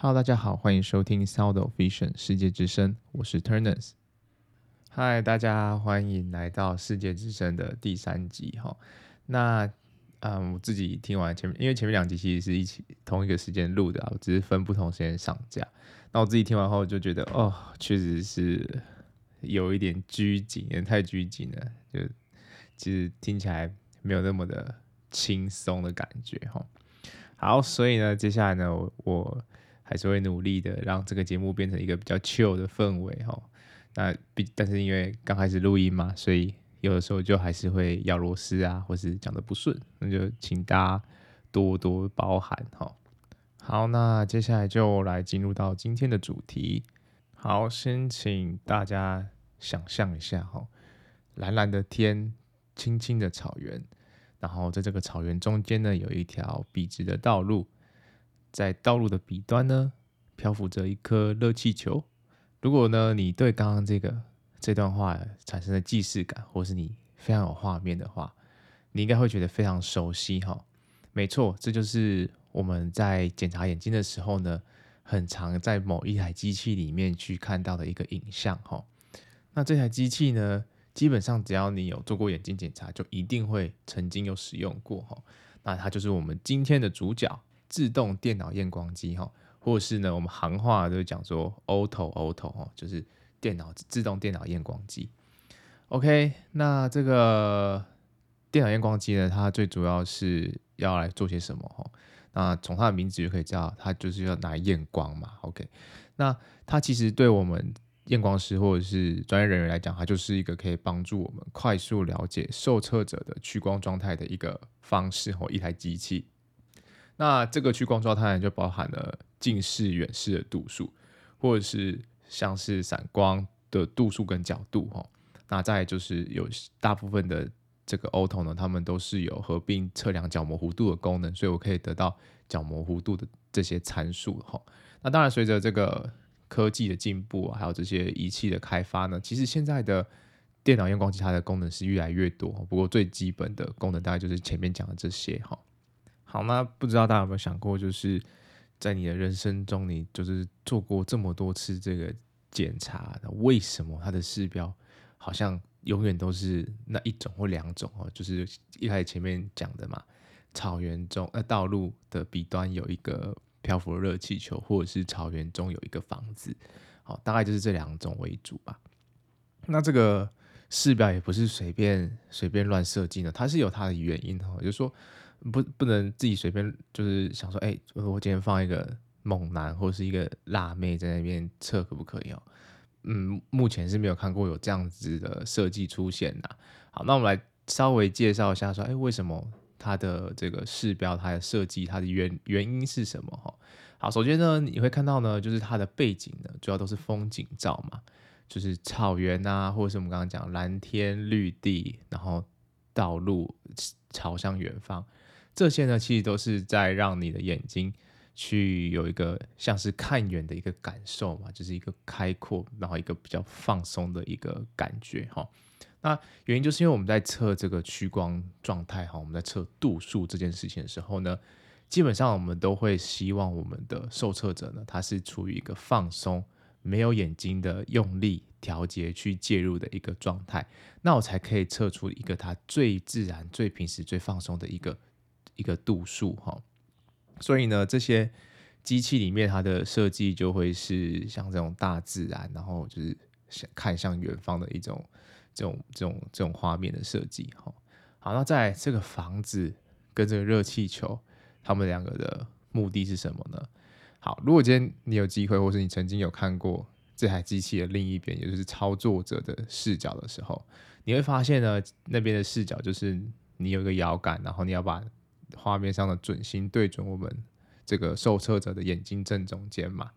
Hello，大家好，歡迎收聽《Sound of Vision 世界之聲》，我是 Turners。Hi，大家歡迎來到《世界之聲》的第三集哈、哦。那，嗯，我自己聽完前面，因為前面兩集其實是一起同一個時間錄的啊，我只是分不同時間上架。那我自己聽完後，就覺得哦，確實是有一點拘謹，也太拘謹了，就其實聽起來沒有那麼的輕鬆的感覺哈、哦。好，所以呢，接下來呢，我。我還是會努力的，讓這個節目變成一個比較 chill 的氛圍哈、喔。那，但但是因為剛開始錄音嘛，所以有的時候就還是會咬螺絲啊，或是講得不順，那就請大家多多包涵哈、喔。好，那接下來就來進入到今天的主題。好，先請大家想象一下哈、喔，藍藍的天，青青的草原，然後在這個草原中間呢，有一條筆直的道路。在道路的彼端呢，漂浮着一顆熱氣球。如果呢，你對剛剛這個這段話產生了既視感，或是你非常有畫面的話，你應該會覺得非常熟悉哈、哦。沒錯，這就是我們在檢查眼睛的時候呢，很常在某一台機器裡面去看到的一個影像哈、哦。那這台機器呢，基本上只要你有做過眼睛檢查，就一定會曾經有使用過哈、哦。那它就是我們今天的主角。自動電腦驗光機，哈，或者是呢，我們行話就講說 auto auto，就是電腦自動電腦驗光機。OK，那這個電腦驗光機呢，它最主要是要來做些什麼，那從它的名字就可以知道，它就是要拿來驗光嘛。OK，那它其實對我們驗光師或者是專業人員來講，它就是一個可以幫助我們快速了解受測者的屈光狀態的一個方式和一台機器。那這個屈光狀態呢，就包含了近視、遠視的度數，或者是像是散光的度數跟角度哈。那再來就是有大部分的這個 auto 呢，它們都是有合併測量角膜弧度的功能，所以我可以得到角膜弧度的這些參數哈。那當然，隨着這個科技的進步，還有這些儀器的開發呢，其實現在的電腦驗光機它的功能是越來越多。不過最基本的功能大概就是前面講的這些哈。好，那不知道大家有沒有想過，就是在你的人生中，你就是做過這麼多次這個檢查，那為什麼它的視標好像永遠都是那一種或兩種哦？就是一開始前面講的嘛，草原中呃道路的彼端有一個漂浮的熱氣球，或者是草原中有一個房子，好，大概就是這兩種為主吧。那這個視標也不是隨便隨便亂設計的，它是有它的原因哈，就是說。不不能自己隨便就是想說，哎，我今天放一個猛男或是一個辣妹在那邊測可不可以哦？嗯，目前是沒有看過有這樣子的設計出現的。好，那我們來稍微介紹一下，說，哎，為什麼它的這個視標、它的設計、它的原原因是什麼？哈，好，首先呢，你會看到呢，就是它的背景呢，主要都是風景照嘛，就是草原啊，或者是我們剛剛講藍天綠地，然後道路朝向遠方。這些呢，其實都是在讓你的眼睛去有一個像是看遠的一個感受嘛，就是一個開闊，然後一個比較放鬆的一個感覺哈。那原因就是因為我們在測這個屈光狀態哈，我們在測度數這件事情的時候呢，基本上我們都會希望我們的受測者呢，他是處於一個放鬆、沒有眼睛的用力調節去介入的一個狀態，那我才可以測出一個他最自然、最平時、最放鬆的一個。一個度數哈，所以呢，這些機器裡面它的設計就會是像這種大自然，然後就是看向遠方的一種這種這種這種畫面的設計哈。好，那在這個房子跟這個熱氣球，它們兩個的目的是什麼呢？好，如果今天你有機會，或是你曾經有看過這台機器的另一邊，也就是操作者的視角的時候，你會發現呢，那邊的視角就是你有一個搖桿，然後你要把。畫面上的準心對準我們這個受測者的眼睛正中間嘛。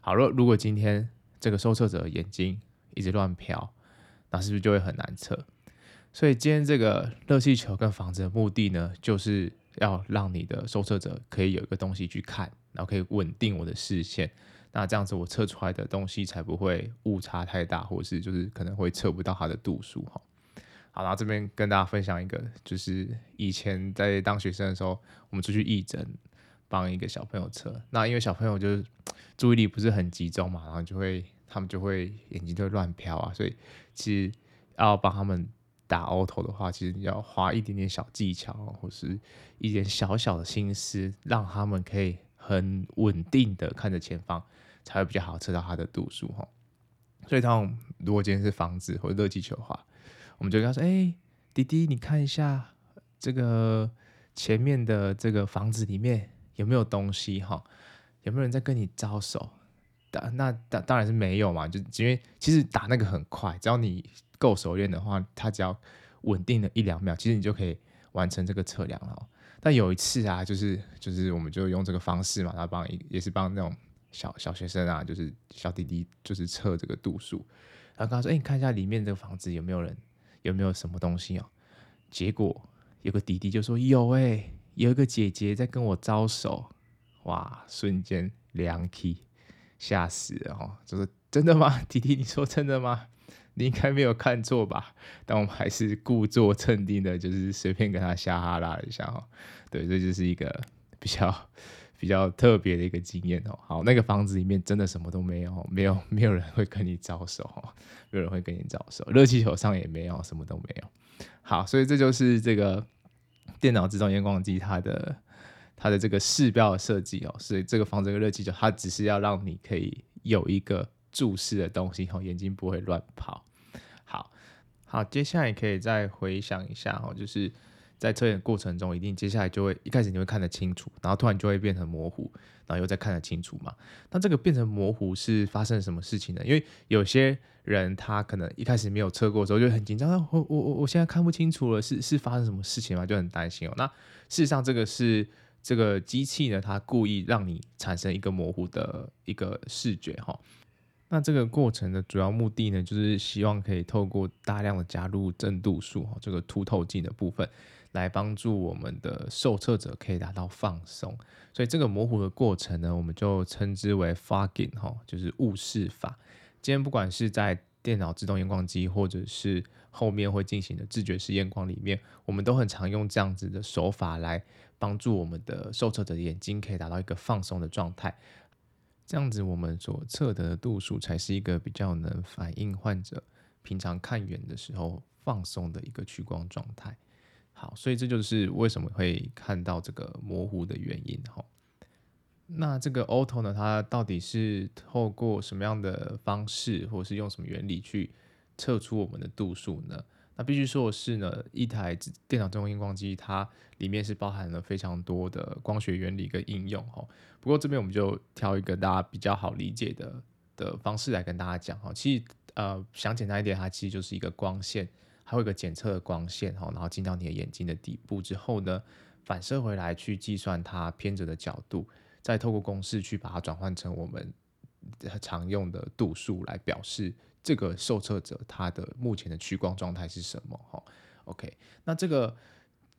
好了，如果今天這個受測者的眼睛一直亂飄，那是不是就會很難測？所以今天這個熱氣球跟房子的目的呢，就是要讓你的受測者可以有一個東西去看，然後可以穩定我的視線。那這樣子我測出來的東西才不會誤差太大，或是就是可能會測不到它的度數哈。好，然後這邊跟大家分享一個，就是以前在當學生的時候，我們出去義診，幫一個小朋友測。那因為小朋友就是注意力不是很集中嘛，然後就會他們就會眼睛就會亂飄啊，所以其實要幫他們打 auto 的話，其實你要花一點點小技巧，或是一點小小的心思，讓他們可以很穩定的看着前方，才會比較好測到他的度數吼。所以，他們如果今天是房子或熱氣球的話。我們就跟他說：“哎、欸，弟弟，你看一下這個前面的這個房子裡面有沒有東西哈？有沒有人在跟你招手？”“當那當當然是沒有嘛，就因為其實打那個很快，只要你夠熟練的話，他只要穩定了一兩秒，其實你就可以完成這個測量了。”但有一次啊，就是就是我們就用這個方式嘛，他幫也是幫那種小小學生啊，就是小弟弟，就是測這個度數，然後跟他說：“哎、欸，你看一下裡面的這個房子有沒有人？”有沒有什麼東西哦？結果有個弟弟就說有哎，有一個姐姐，在跟我招手。哇，瞬間涼氣，嚇死了喔，就是真的嗎？弟弟，你說真的嗎？你應該沒有看錯吧？但我們還是故作鎮定的，就是隨便跟他瞎哈拉一下哈。對，這就是一個比較。比較特別的一個經驗哦、喔，好，那個房子裡面真的什麼都沒有，沒有沒有、喔、沒有人會跟你招手，沒有人會跟你招手，熱氣球上也沒有，什麼都沒有。好，所以這就是這個電腦自動驗光機它的它的這個視標的設計哦，所以這個房子的熱氣球，它只是要讓你可以有一個注視的東西、喔、眼睛不會亂跑。好好，接下來可以再回想一下哦、喔，就是。在測驗過程中，一定接下來就會一開始你會看得清楚，然後突然就會變成模糊，然後又再看得清楚嘛？那這個變成模糊是發生了什麼事情呢？因為有些人他可能一開始沒有測過之後就很緊張，我我我我現在看不清楚了，是是發生什麼事情嗎？就很擔心哦、喔。那事實上這個是這個機器呢，它故意讓你產生一個模糊的一個視覺哈、喔。那這個過程的主要目的呢，就是希望可以透過大量的加入正度數哈、喔，這個凸透鏡的部分。來幫助我們的受測者可以達到放鬆，所以這個模糊的過程呢，我們就稱之為 fogging 哈，就是霧視法。今天不管是在電腦自動驗光機，或者是後面會進行的自覺式驗光裡面，我們都很常用這樣子的手法來幫助我們的受測者的眼睛可以達到一個放鬆的狀態。這樣子我們所測得的度數才是一個比較能反映患者平常看遠的時候放鬆的一個屈光狀態。好，所以這就是為什麼會看到這個模糊的原因哈。那這個 auto 呢，它到底是透過什麼樣的方式，或者是用什麼原理去測出我們的度數呢？那必須說的是呢，一台電腦自動驗光機，它裡面是包含了非常多的光學原理跟應用哈。不過這邊我們就挑一個大家比較好理解的的方式來跟大家講哈。其實呃，想簡單一點，它其實就是一個光線。它會有一個檢測光線哈，然後進到你的眼睛的底部之後呢，反射回來去計算它偏折的角度，再透過公式去把它轉換成我們常用的度數來表示這個受測者他的目前的屈光狀態是什麼哈。OK，那這個。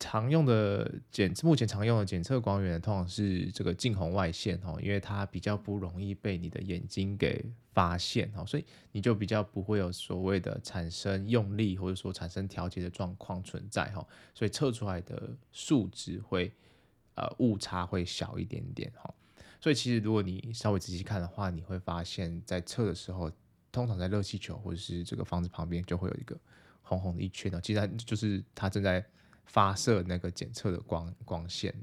常用的檢，目前常用的檢測光源通常是這個近紅外線哦，因為它比較不容易被你的眼睛給發現哦，所以你就比較不會有所謂的產生用力或者說產生調節的狀況存在哈，所以測出來的數值會呃誤差會小一點點哈。所以其實如果你稍微仔細看的話，你會發現在測的時候，通常在熱氣球或者是這個房子旁邊就會有一個紅紅的一圈呢，其實它就是它正在。發射那個檢測的光光線。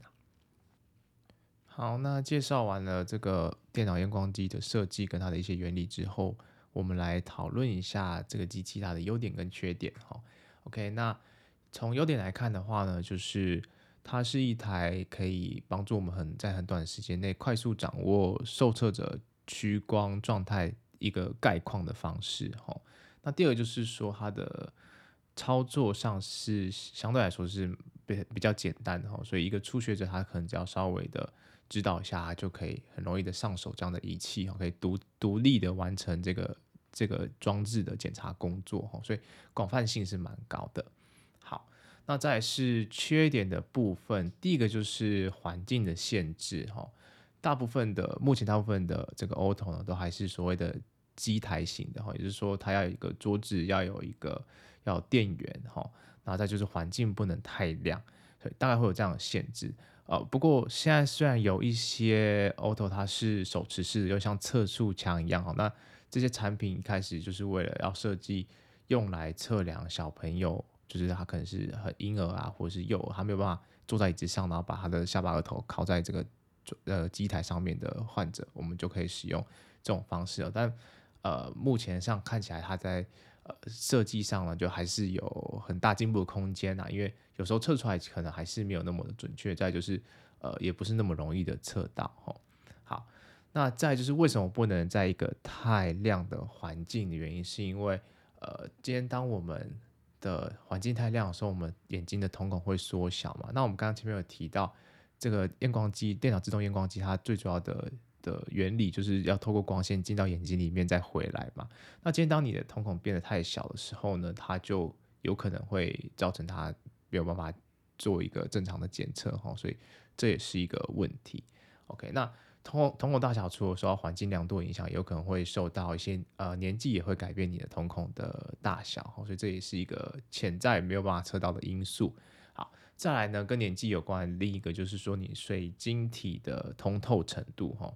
好，那介紹完了這個電腦驗光機的設計跟它的一些原理之後，我們來討論一下這個機器它的優點跟缺點哈。OK，那從優點來看的話呢，就是它是一台可以幫助我們很在很短的時間內快速掌握受測者屈光狀態一個概況的方式哦，那第二就是說它的。操作上是相對來說是比比較簡單的哈，所以一個初學者他可能只要稍微的指導一下，就可以很容易的上手這樣的儀器哈，可以獨獨立的完成這個這個裝置的檢查工作哈，所以廣泛性是蠻高的。好，那再是缺點的部分，第一個就是環境的限制哈，大部分的目前大部分的這個 auto 呢，都還是所謂的。機台型的哈，也就是說它要有一個桌子，要有一個要有電源哈，然後再就是環境不能太亮，所以大概會有這樣的限制。呃，不過現在雖然有一些 auto 它是手持式的，又像測速槍一樣哈，那這些產品開始就是為了要設計用來測量小朋友，就是他可能是很嬰兒啊，或是幼兒，他沒有辦法坐在椅子上，然後把他的下巴額頭靠在這個呃機台上面的患者，我們就可以使用這種方式了，但。呃，目前上看起來，它在呃設計上呢，就還是有很大進步的空間吶。因為有時候測出來可能還是沒有那麼的準確，再就是呃也不是那麼容易的測到哈。好，那再就是為什麼不能在一個太亮的環境的原因是因為呃，今天當我們的環境太亮的時候，我們眼睛的瞳孔會縮小嘛。那我們剛剛前面有提到這個驗光機，電腦自動驗光機，它最主要的。的原理就是要透過光線進到眼睛裡面再回來嘛。那今天當你的瞳孔變得太小的時候呢，它就有可能會造成它沒有辦法做一個正常的檢測哈，所以這也是一個問題。OK，那瞳孔瞳孔大小除了受到環境亮度影響，有可能會受到一些呃年紀也會改變你的瞳孔的大小哈，所以這也是一個潛在沒有辦法測到的因素。好，再來呢跟年紀有關的另一個就是說你水晶體的通透程度哈。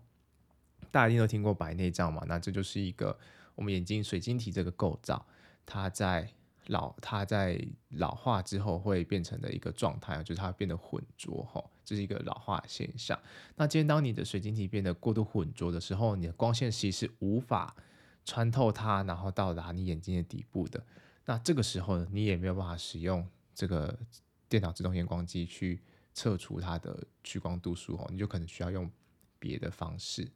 大家一定都聽過白內障嘛？那這就是一個我們眼睛水晶體這個構造，它在老它在老化之後會變成的一個狀態，就是它變得渾濁哈。這是一個老化現象。那今天當你的水晶體變得過度渾濁的時候，你的光線其實是無法穿透它，然後到達你眼睛的底部的。那這個時候呢，你也沒有辦法使用這個電腦自動驗光機去測出它的屈光度數哦，你就可能需要用別的方式。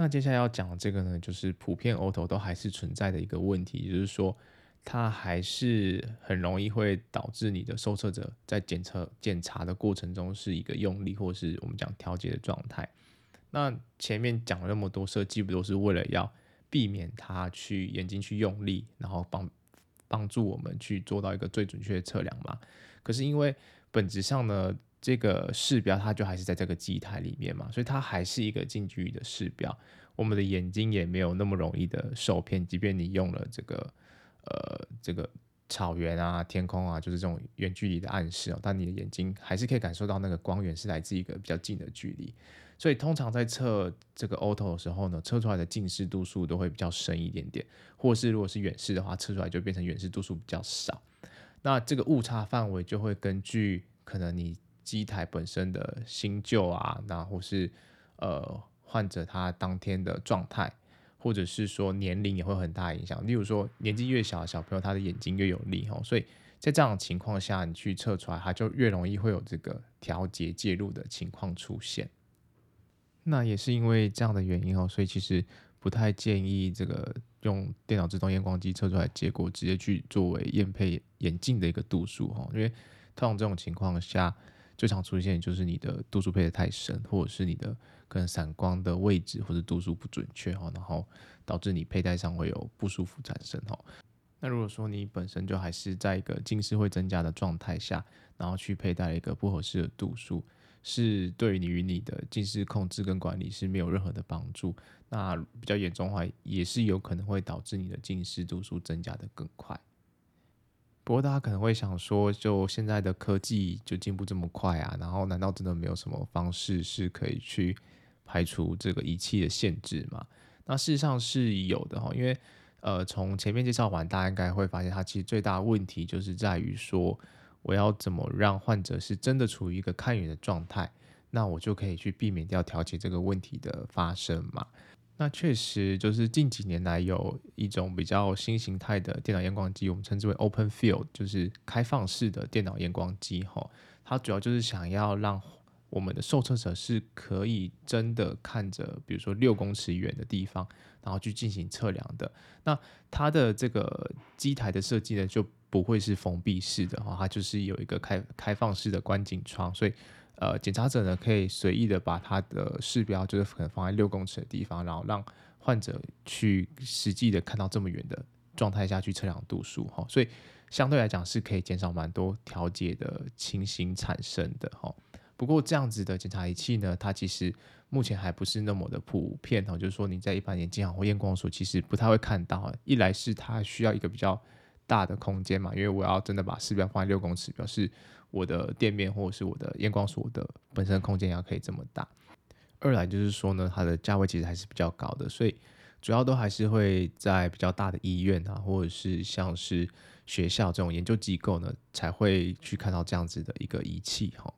那接下來要講這個呢，就是普遍 O 頭都還是存在的一個問題，就是說它還是很容易會導致你的受測者在檢測檢查的過程中是一個用力或是我們講調節的狀態。那前面講了那麼多設計，不都是為了要避免它去眼睛去用力，然後幫幫助我們去做到一個最準確的測量嘛？可是因為本質上呢。這個視標它就還是在這個機台裡面嘛，所以它還是一個近距離的視標，我們的眼睛也沒有那麼容易的受騙。即便你用了這個，呃，這個草原啊、天空啊，就是這種遠距離的暗示哦，但你的眼睛還是可以感受到那個光源是來自一個比較近的距離。所以通常在測這個 auto 的時候呢，測出來的近視度數都會比較深一點點，或是如果是遠視的話，測出來就變成遠視度數比較少。那這個誤差範圍就會根據可能你。機台本身的新舊啊，那或是呃患者他當天的狀態，或者是說年齡也會很大影響。例如說，年紀越小的小朋友，他的眼睛越有力哦。所以在這樣的情況下，你去測出來，他就越容易會有這個調節介入的情況出現。那也是因為這樣的原因哦，所以其實不太建議這個用電腦自動驗光機測出來結果直接去作為驗配眼鏡的一個度數哦。因為通常這種情況下。最常出現就是你的度數配得太深，或者是你的可能散光的位置或者度數不準確哈，然後導致你佩戴上會有不舒服產生哈。那如果說你本身就還是在一個近視會增加的狀態下，然後去佩戴了一個不合適的度數，是對於你與你的近視控制跟管理是沒有任何的幫助。那比較嚴重的話，也是有可能會導致你的近視度數增加得更快。不過大家可能會想說，就現在的科技就進步這麼快啊，然後難道真的沒有什麼方式是可以去排除這個儀器的限制嗎？那事實上是有的哈，因為呃從前面介紹完，大家應該會發現，它其實最大問題就是在於說，我要怎麼讓患者是真的處於一個看遠的狀態，那我就可以去避免掉調節這個問題的發生嘛。那確實就是近幾年來有一種比較新形態的電腦驗光機，我們稱之為 open field，就是開放式的電腦驗光機。哈，它主要就是想要讓我們的受測者是可以真的看着，比如說六公尺遠的地方，然後去進行測量的。那它的這個機台的設計呢，就不會是封閉式的，哈，它就是有一個開開放式的觀景窗，所以，呃，檢查者呢，可以隨意的把他的視標，就是可能放在六公尺的地方，然後讓患者去實際的看到這麼遠的狀態下去測量度數哈，所以相對來講是可以減少蠻多調節的情形產生的哈。不過這樣子的檢查儀器呢，它其實目前還不是那麼的普遍哈，就是說你在一般眼鏡行或驗光的時候，其實不太會看到，一來是它需要一個比較。大的空間嘛，因為我要真的把視標放六公尺，表示我的店面或者是我的驗光所的本身空間要可以這麼大。二來就是說呢，它的價位其實還是比較高的，所以主要都還是會在比較大的醫院啊，或者是像是學校這種研究機構呢，才會去看到這樣子的一個儀器哈。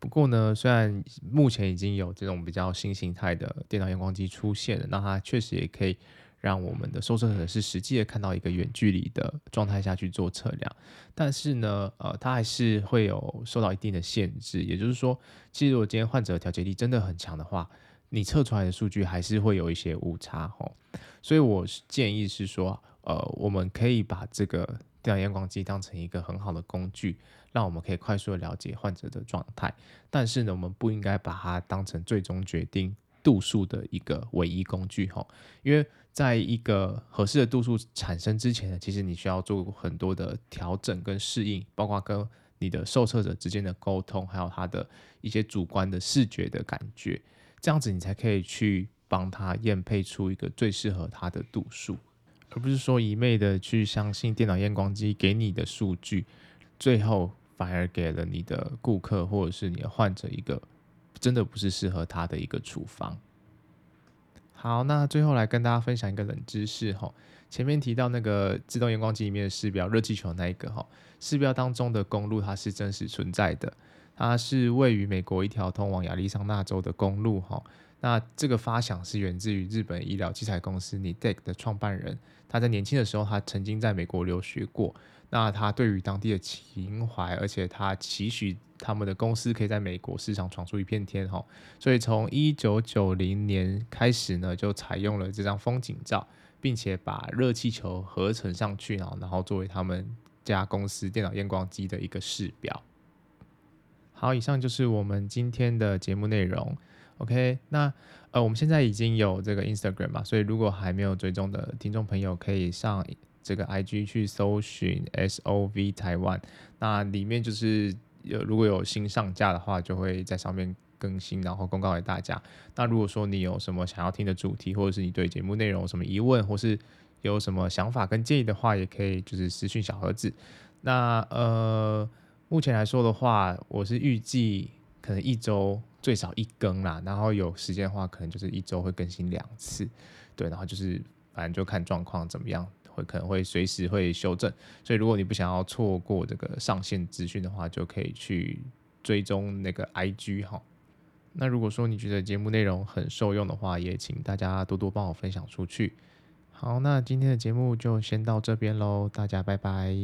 不過呢，雖然目前已經有這種比較新型態的電腦驗光機出現了，那它確實也可以。讓我們的受測者是實際的看到一個遠距離的狀態下去做測量，但是呢，呃，它還是會有受到一定的限制。也就是說，其實我今天患者的調節力真的很強的話，你測出來的數據還是會有一些誤差哈、哦。所以，我建議是說，呃，我們可以把這個電腦驗光機當成一個很好的工具，讓我們可以快速的了解患者的狀態，但是呢，我們不應該把它當成最終決定。度數的一個唯一工具，吼，因為在一個合適的度數產生之前呢，其實你需要做很多的調整跟適應，包括跟你的受測者之間的溝通，還有他的一些主觀的視覺的感覺，這樣子你才可以去幫他驗配出一個最適合他的度數，而不是說一味的去相信電腦驗光機給你的數據，最後反而給了你的顧客或者是你的患者一個。真的不是適合他的一個處方。好，那最後來跟大家分享一個冷知識哈。前面提到那個自動驗光機裡面的視標熱氣球那一個哈，視標當中的公路它是真實存在的，它是位於美國一條通往亞利桑那州的公路哈。那這個發想是源自於日本醫療器材公司 Nidec 的創辦人，他在年輕的時候他曾經在美國留學過。那他對於當地的情懷，而且他期許他們的公司可以在美國市場闖出一片天哈，所以從一九九零年開始呢，就採用了這張風景照，並且把熱氣球合成上去，然後作為他們家公司電腦驗光機的一個示表。好，以上就是我們今天的節目內容。OK，那呃，我們現在已經有這個 Instagram 嘛，所以如果還沒有追蹤的聽眾朋友，可以上。這個 IG 去搜尋 SOV 台灣，那裡面就是有，如果有新上架的話，就會在上面更新，然後公告給大家。那如果說你有什麼想要聽的主題，或者是你對節目內容有什麼疑問，或是有什麼想法跟建議的話，也可以就是私訊小盒子。那呃，目前來說的話，我是預計可能一周最少一更啦，然後有時間的話，可能就是一周會更新兩次，對，然後就是反正就看狀況怎麼樣。可能會隨時會修正，所以如果你不想要錯過這個上線資訊的話，就可以去追蹤那個 IG 哈。那如果說你覺得節目內容很受用的話，也請大家多多幫我分享出去。好，那今天的節目就先到這邊嘍，大家拜拜。